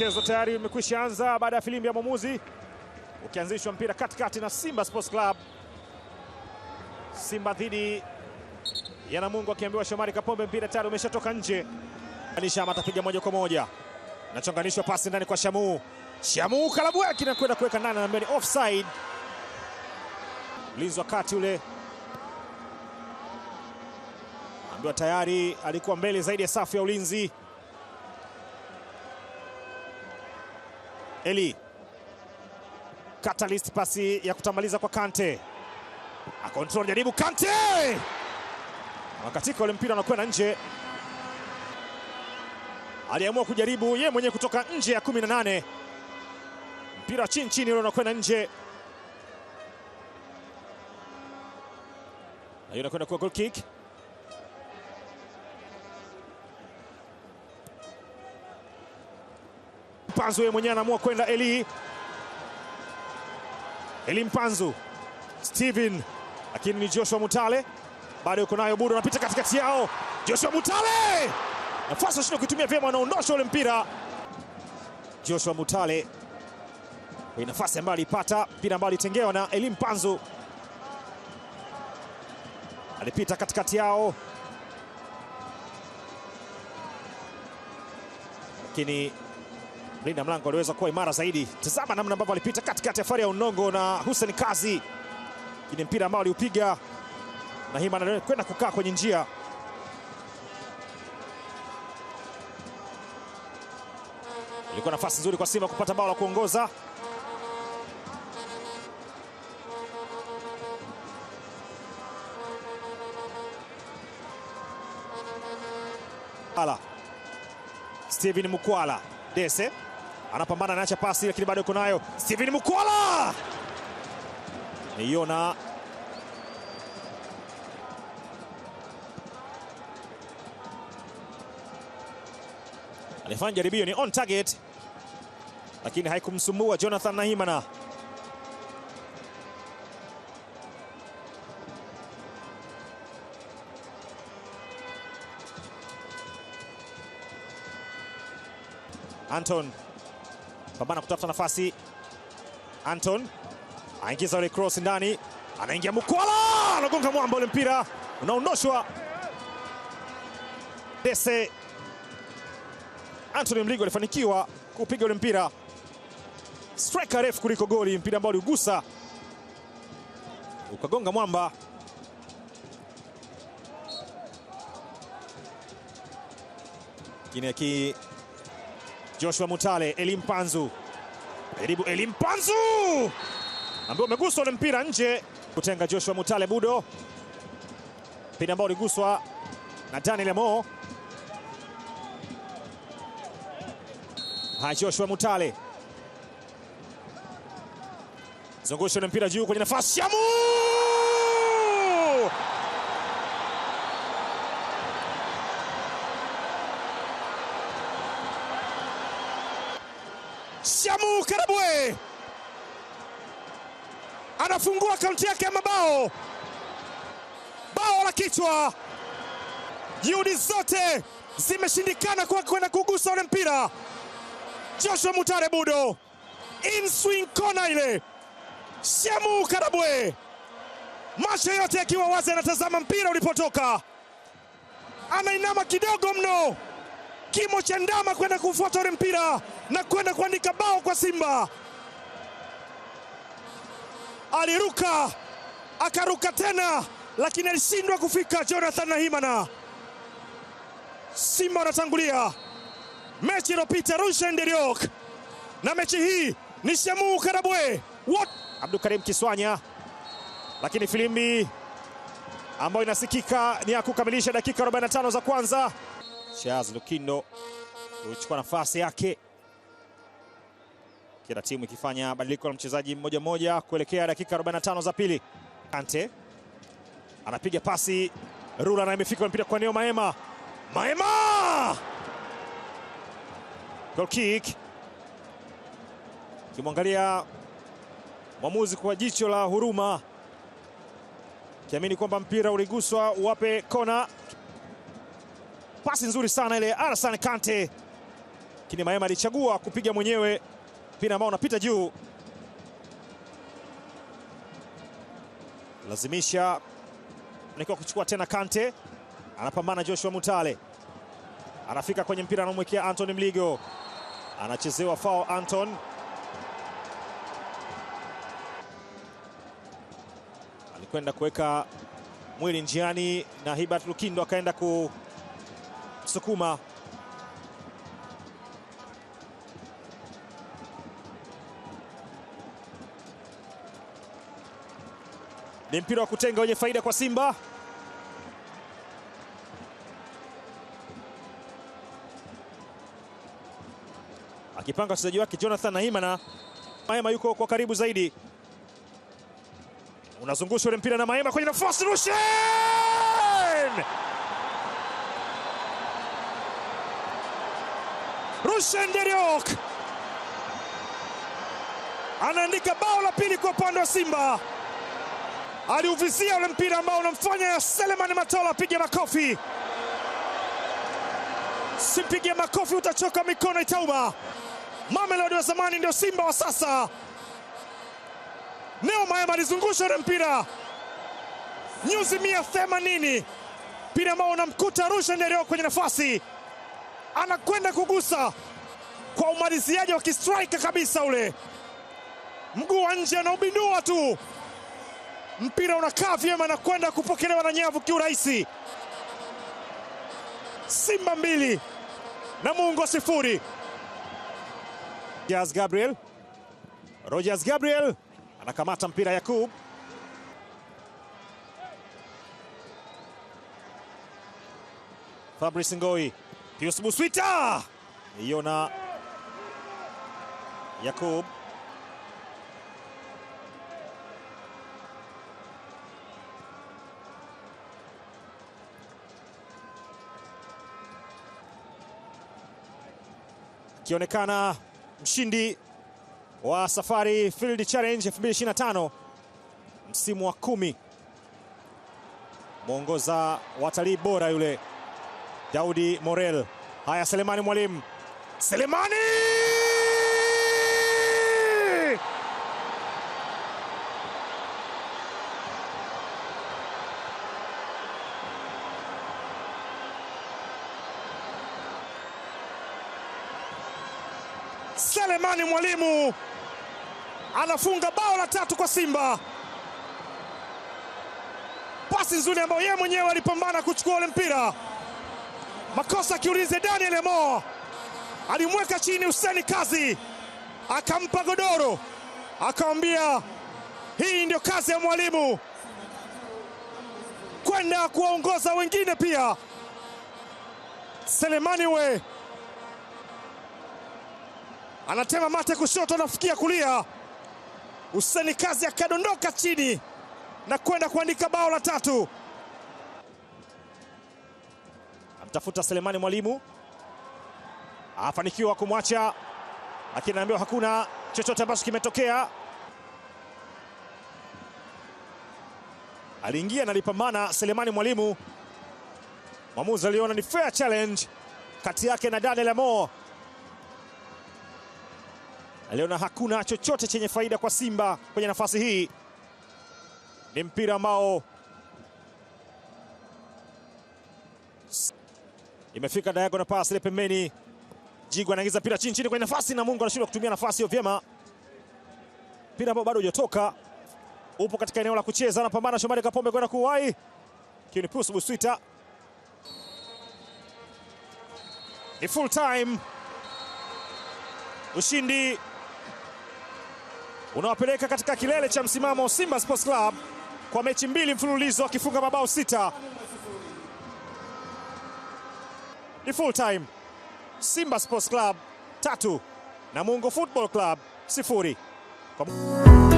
Mchezo tayari umekwisha anza baada ya filimbi ya mwamuzi ukianzishwa, mpira katikati na Simba Sports Club, Simba dhidi ya Namungo, akiambiwa Shomari Kapombe, mpira tayari umeshatoka nje. Nishama atapiga moja kwa moja, nachonganishwa pasi ndani kwa Shamu. Shamu kalabu yake inakwenda kuweka ndani, anaambiwa ni offside. Mlinzi wa kati ule ambiwa tayari alikuwa mbele zaidi ya safu ya ulinzi Eli Catalyst, pasi ya kutamaliza kwa Kante, akontrol jaribu Kante, wakatika ule mpira anakwenda nje. Aliamua kujaribu ye mwenyewe kutoka nje ya 18, mpira chini chini ule unakwenda nje, na hiyo inakwenda kuwa goal kick. Mpanzu yeye mwenyewe anaamua kwenda Eli. Eli Mpanzu, Steven, lakini ni Joshua Mutale bado yuko nayo Budo, anapita katikati yao. Joshua Mutale nafasi ashinda kuitumia vyema, anaondosha ule mpira. Joshua Mutale kwenye nafasi ambayo alipata mpira ambao alitengewa na Eli Mpanzu, alipita katikati yao lakini Mlinda mlango aliweza kuwa imara zaidi. Tazama namna ambavyo alipita katikati ya ya Unongo na Hussein Kazi, kini mpira ambao aliupiga na hima kwenda kukaa kwenye njia ilikuwa nafasi nzuri kwa Simba kupata bao la kuongoza. Ala Steven Mukwala Dese anapambana anaacha pasi, lakini bado yuko nayo Steven Mukwala, naiona alifanya jaribio, ni on target, lakini haikumsumbua Jonathan Nahimana. Anton pambana kutafuta nafasi. Anton aingiza ile cross ndani, anaingia Mukwala, anagonga mwamba, ule mpira unaondoshwa. Dese Anthony Mligo alifanikiwa kupiga ule mpira striker refu kuliko goli, mpira ambao uligusa ukagonga mwamba. Kine aki Joshua Mutale, Elimpanzu jaribu Elimpanzu ambaye umeguswa na mpira nje, kutenga Joshua Mutale Budo, mpira ambao uliguswa na Daniel Amo. Joshua Mutale zungusha na mpira juu kwenye nafasi ya noti yake ya mabao, bao la kichwa. Juhudi zote zimeshindikana kwa kwenda kugusa ule mpira. Joshua Mutare Budo swing kona ile, Shemu Karabwe macho yote yakiwa wazi, anatazama mpira ulipotoka, anainama kidogo mno, kimo cha ndama kwenda kufuata ule mpira na kwenda kuandika bao kwa Simba aliruka akaruka tena, lakini alishindwa kufika Jonathan Nahimana. Simba wanatangulia. Mechi iliyopita Rushine de Reuck, na mechi hii ni Shamu Karabwe. What karim Kiswanya, lakini filimbi ambayo inasikika ni ya kukamilisha dakika 45 za kwanza. Shaz Lukindo huchukua nafasi yake kila timu ikifanya badiliko la mchezaji mmoja mmoja kuelekea dakika 45 za pili. Kante anapiga pasi Rula na imefika mpira kwa Neo Maema. Maema! Goal kick. Kimwangalia mwamuzi kwa jicho la huruma, kiamini kwamba mpira uliguswa uwape kona. Pasi nzuri sana ile Alassane Kante, lakini Maema alichagua kupiga mwenyewe. Mpira ambao unapita juu, lazimisha nikiwa kuchukua tena. Kante anapambana, Joshua Mutale anafika kwenye mpira, anamwekea Anton Mligo, anachezewa foul. Anton alikwenda kuweka mwili njiani na Hibat Lukindo akaenda kusukuma Ni mpira wa kutenga wenye faida kwa Simba. Akipanga wachezaji wake Jonathan Nahimana. Mahema yuko kwa karibu zaidi. Unazungusha ule mpira na Mahema kwenye nafasi Rushen! Rushen Deriok anaandika bao la pili kwa upande wa Simba aliuvizia ule mpira ambao unamfanya Selemani Matola apige makofi. Simpige makofi, utachoka, mikono itauma. Mamelodi wa zamani ndio Simba wa sasa. Neo Maema alizungusha ule mpira nyuzi mia themanini, mpira ambao unamkuta Rusha ndio kwenye nafasi, anakwenda kugusa kwa umaliziaji wa kistraika kabisa, ule mguu wa nje anaubindua tu mpira unakaa vyema na kwenda kupokelewa na nyavu kiurahisi. Simba mbili Mungo sifuri. Rogers Gabriel, Rogers Gabriel anakamata mpira Yakub Fabrice Ngoi, Pius Muswita, iona Yakub akionekana mshindi wa Safari Field Challenge 2025 msimu wa kumi, mwongoza watalii bora yule Daudi Morel. Haya, Selemani Mwalimu, Selemani Selemani Mwalimu anafunga bao la tatu kwa Simba. Pasi nzuri ambayo yeye mwenyewe alipambana kuchukua ule mpira, makosa akiulize. Daniel Amo alimweka chini Huseni Kazi, akampa godoro, akamwambia hii ndio kazi ya mwalimu kwenda kuwaongoza wengine pia. Selemani we anatema mate kushoto, anafikia kulia. Huseni Kazi akadondoka chini na kwenda kuandika bao la tatu. Amtafuta Selemani Mwalimu, afanikiwa kumwacha, lakini anaambiwa hakuna chochote ambacho kimetokea. Aliingia na alipambana Selemani Mwalimu, mwamuzi aliona ni fair challenge kati yake na Daniel Amo aliona hakuna chochote chenye faida kwa Simba kwenye nafasi hii. Ni mpira ambao imefika diagonal pass ile pembeni, Jigu anaingiza mpira chini chini kwenye nafasi, na Mungu anashindwa kutumia nafasi hiyo vyema. Mpira ambao bado hujatoka, upo katika eneo la kucheza, anapambana Shomari Kapombe kwenda kuwai kiuni Buswita. Ni full time, ushindi unawapeleka katika kilele cha msimamo Simba Sports Club kwa mechi mbili mfululizo akifunga mabao sita. Ni full time, Simba Sports Club tatu na Mungo Football Club sifuri kwa...